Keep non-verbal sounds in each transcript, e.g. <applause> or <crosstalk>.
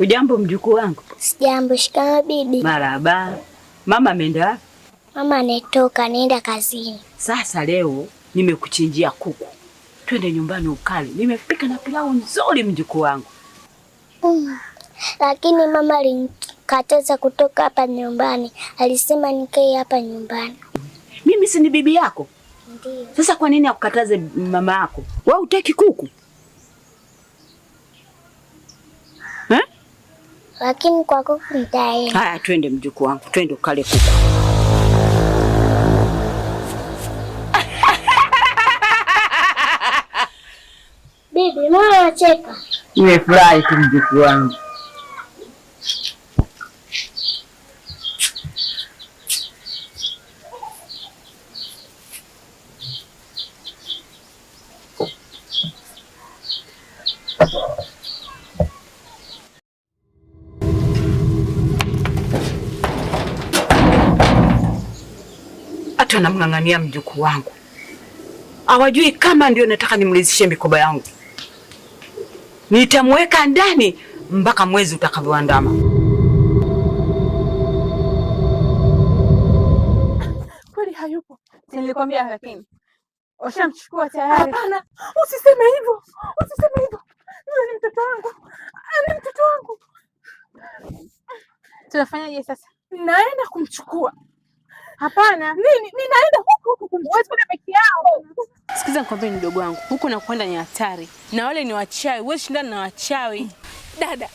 Ujambo mjukuu wangu. Sijambo. Shikamoo bibi. Marahaba. Mama ameenda wapi? Mama anatoka nenda kazini. Sasa leo nimekuchinjia kuku, twende nyumbani ukale. Nimepika na pilau nzuri mjukuu wangu. Mm. Lakini mama alinikataza kutoka hapa nyumbani, alisema nikae hapa nyumbani. Mimi si ni bibi yako? Ndiyo. Sasa kwa nini akukataze mama yako? Wewe utaki kuku eh? lakini kwa kuku mtaenda. Haya, twende mjukuu wangu, twende ukale kuku. Bibi, mbona unacheka? Nimefurahi tu mjukuu wangu. anamng'ang'ania mjukuu wangu, hawajui kama ndio nataka nimlizishe mikoba yangu. Nitamweka ndani mpaka mwezi utakavyoandama. Kweli hayupo, nilikwambia lakini Ushamchukua tayari. Hapana, usiseme hivyo, usiseme hivyo. Yule ni mtoto wangu, ni mtoto wangu. Tunafanyaje sasa? Naenda kumchukua Hapana, Nini? Ninaenda huku huku, huwezi kuna peke yao. Sikiza nikwambie, mdogo wangu, huko nakwenda ni hatari, na wale ni wachawi. Wewe shindana na wachawi dada,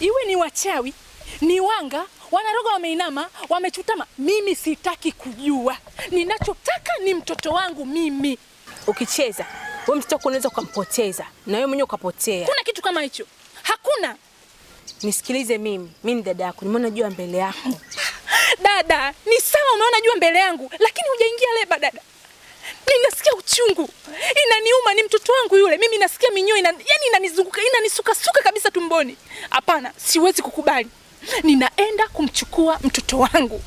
iwe ni wachawi ni wanga wanaroga wameinama, wamechutama, mimi sitaki kujua. Ninachotaka ni mtoto wangu mimi. Ukicheza wewe mtoto wako unaweza ukampoteza na wewe mwenyewe ukapotea. Kuna kitu kama hicho? Hakuna. Nisikilize mimi, mimi ni dada yako, nimeona jua mbele yako Dada, ni sawa, umeona jua mbele yangu, lakini hujaingia leba dada. Ninasikia yaani uchungu, inaniuma, ni mtoto wangu yule. Mimi nasikia minyoo ina, yani inanizunguka, inanisukasuka kabisa tumboni. Hapana, siwezi kukubali. Ninaenda kumchukua mtoto wangu.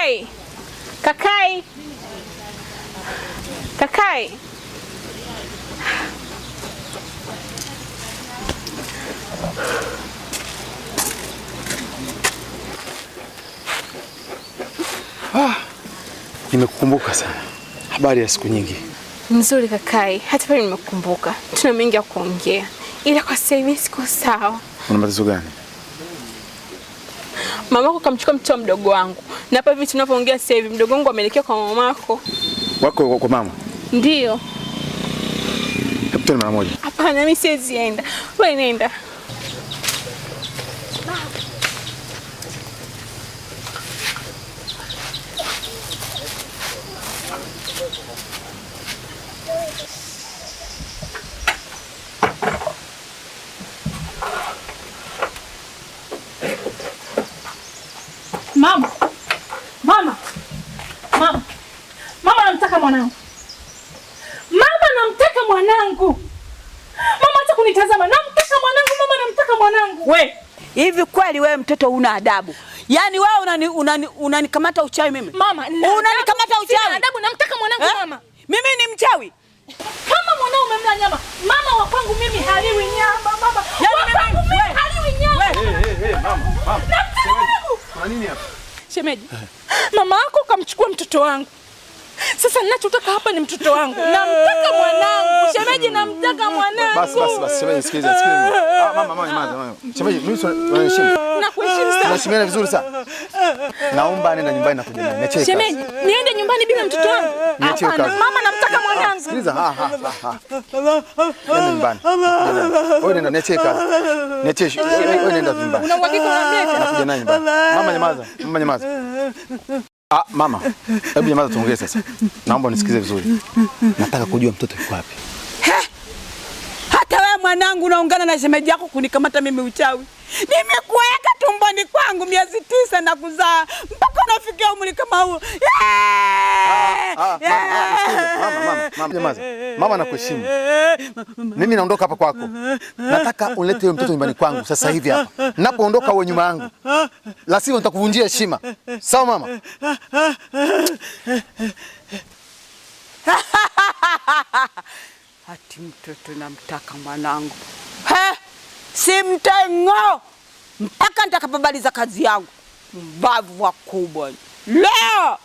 Kakai, kakai, kakai, ah, nimekukumbuka sana. Habari ya siku nyingi? Nzuri kakai, hata pale nimekukumbuka. Tuna mengi ya kuongea, ila kwa sasa hivi siko sawa. Una matatizo gani? Mamako kamchukua mtoto mdogo wangu na hapa hivi tunapoongea sasa hivi mdogo wangu ameelekea kwa mamako. Wako kwa mama? Ndio. Hapana, mimi siwezi enda. Wewe nenda. kweli wewe mtoto una adabu. Yaani wewe unani unanikamata unani, uchawi mimi. Mama, unanikamata uchawi. Adabu namtaka mwanangu eh? Mama. Mimi ni mchawi. Kama mwanao umemla nyama, mama wa kwangu mimi haliwi nyama, mama. Yaani mimi mimi haliwi nyama. hey, hey, hey, mama, mama. Namtaka mwanangu. Kwa nini hapa? Shemeji. Eh. Mama yako kamchukua mtoto wangu. Sasa ninachotaka hapa ni mtoto wangu, namtaka mwanangu shemeji, namtaka mwanangu. Basi basi basi, shemeji, sikiliza sikiliza. Ah, mama mama mama, shemeji, mimi sio na kuheshimu sana, tunaheshimiana vizuri sana. Naomba nenda nyumbani na kuja nani, niache shemeji, niende nyumbani bila mtoto wangu? Niache kazi, mama, namtaka mwanangu. Sikiliza, ha ha ha, nenda nyumbani wewe, nenda, niache kazi, niache wewe, nenda nyumbani. Una uhakika unamleta? Nakuja naye nyumbani. Mama nyamaza, mama nyamaza. Ah, mama, hebu nyamaza tuongee sasa. Naomba nisikize vizuri. Nataka kujua mtoto yuko wapi mwanangu, unaungana na shemeji yako kunikamata mimi uchawi. Nimekuweka tumboni kwangu miezi tisa na kuzaa mpaka unafikia umri kama huo. Mama, nakuheshimu. Mimi naondoka hapa kwako, nataka ulete huyo mtoto nyumbani kwangu sasa hivi hapa. Napoondoka uwe nyuma yangu, la sivyo nitakuvunjia heshima. Sawa mama? <laughs> Ati mtoto namtaka mwanangu, simteng'o mpaka nitakapobaliza kazi yangu. Mbavu wakubwa leo.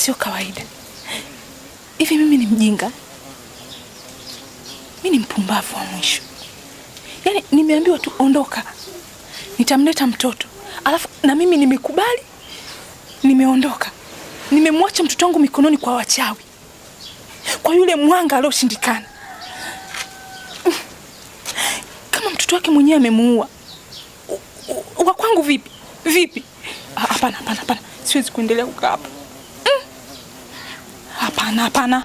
sio kawaida. Hivi mimi ni mjinga? Mimi ni mpumbavu wa mwisho. Yaani nimeambiwa tu ondoka, nitamleta mtoto alafu na mimi nimekubali, nimeondoka, nimemwacha mtoto wangu mikononi kwa wachawi, kwa yule mwanga alioshindikana. Kama mtoto wake mwenyewe amemuua, wa kwangu vipi? Vipi? Ah, hapana, hapana, hapana, siwezi kuendelea kukaa hapa. pana, pana.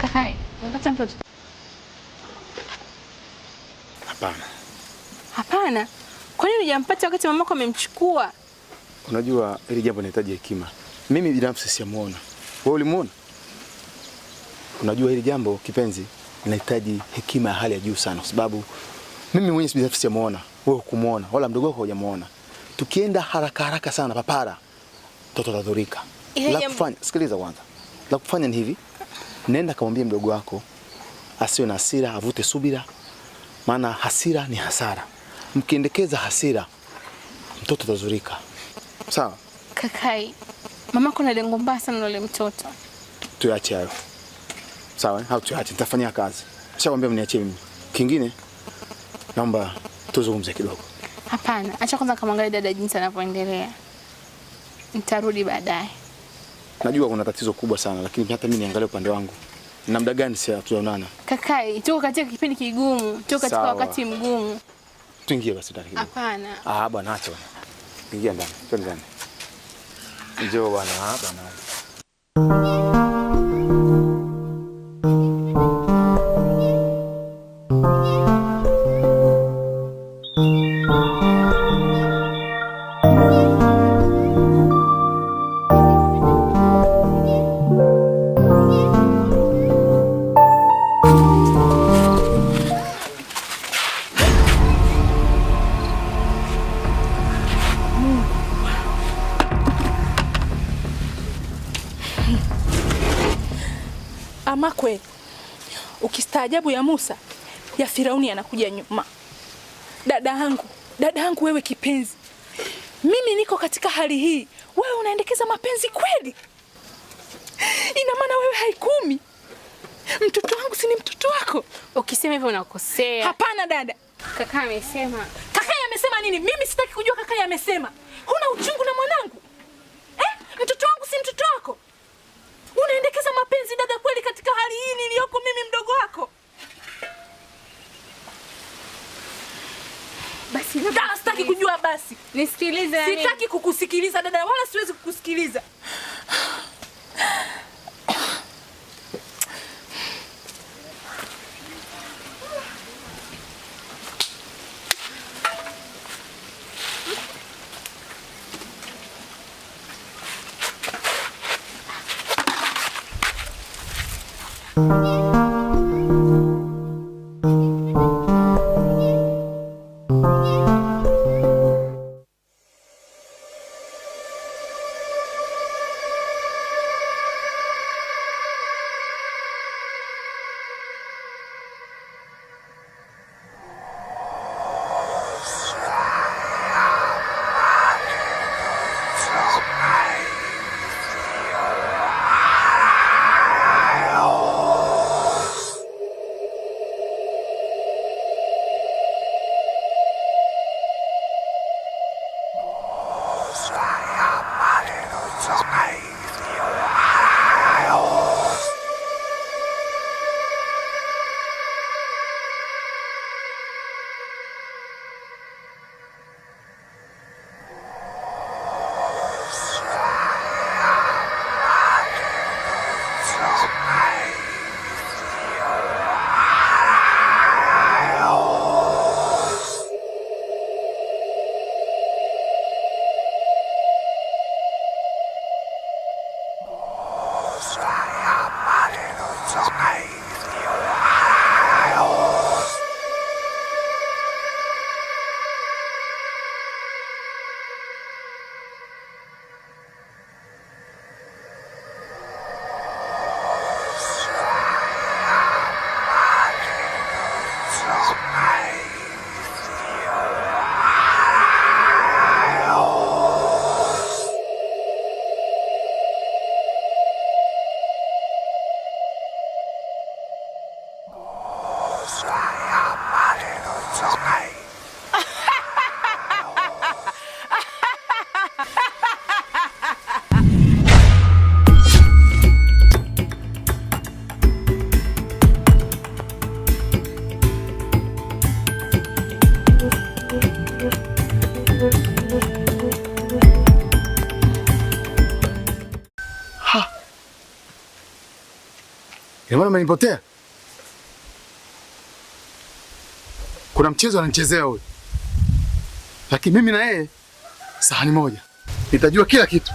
Kochaj, no, wracam do Hapana. Hapana? Kwa nini hujampata wakati mamako amemchukua? Unajua hili jambo linahitaji hekima. Mimi binafsi siamuona. Wewe ulimuona? Unajua hili jambo kipenzi linahitaji hekima ya hali ya juu sana, kwa sababu mimi mwenyewe binafsi siamuona, wewe hukumuona, wala mdogo wako hujamuona. Tukienda haraka haraka sana papara, mtoto atadhurika. La kufanya, sikiliza kwanza. La kufanya ni hivi. Nenda kamwambie mdogo wako asiwe na hasira, avute subira maana hasira ni hasara. Mkiendekeza hasira, mtoto atazurika. Sawa kakai, mama kuna lengo mbaya sana na yule mtoto. Tuache hayo sawa, eh? au tuache, nitafanyia kazi. Nishakwambia mniachie mimi. Kingine naomba tuzungumze kidogo. Hapana, acha kwanza kamwangalia dada jinsi anavyoendelea, nitarudi baadaye. Najua kuna tatizo kubwa sana, lakini hata mimi niangalie upande wangu na muda gani sasa tunaonana? Kakai, tuko katika kipindi kigumu, tuko katika wakati mgumu. Tuingie basi ndani. Hapana. Ah, bwana acha bwana. Ingia ndani. Twende ndani. Njoo bwana, ah, bwana. kweli. Ukistaajabu ya Musa, ya Firauni yanakuja nyuma. Dada yangu, dada yangu wewe kipenzi, mimi niko katika hali hii, wewe unaendekeza mapenzi kweli? Ina maana wewe haikumi mtoto wangu, si ni mtoto wako? Ukisema hivyo unakosea. Hapana dada, kaka amesema. Kaka amesema nini? Mimi sitaki kujua kaka amesema. Huna uchungu na mwanangu eh? Mtoto wangu si mtoto wako Nisikilize. Sitaki kukusikiliza dada, wala siwezi kukusikiliza. Hum. Remember, man, you put there. kuna mchezo ananichezea huyu, lakini mimi na yeye sahani moja, nitajua kila kitu.